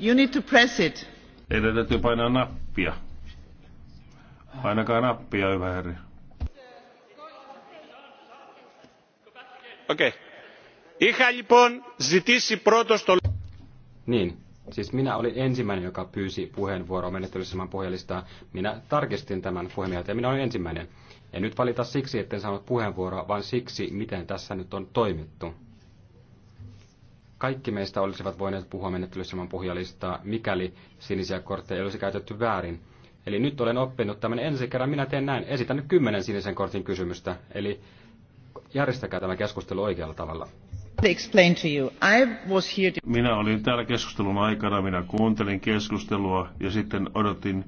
You need to press it. Teidän täytyy painaa nappia. Painakaa nappia, hyvä herri. Okei. Okay. Είχα λοιπόν ζητήσει πρώτος Niin, siis minä olin ensimmäinen, joka pyysi puheenvuoroa menettelyssä pohjalistaa. Minä tarkistin tämän puheenjohtajan ja minä olin ensimmäinen. En nyt valita siksi, etten saanut puheenvuoroa, vaan siksi, miten tässä nyt on toimittu. Kaikki meistä olisivat voineet puhua menettelysemän puhujalistaa, mikäli sinisiä kortteja olisi käytetty väärin. Eli nyt olen oppinut tämän ensi kerran. Minä teen näin. Esitän nyt kymmenen sinisen kortin kysymystä. Eli järjestäkää tämä keskustelu oikealla tavalla. Minä olin täällä keskustelun aikana, minä kuuntelin keskustelua ja sitten odotin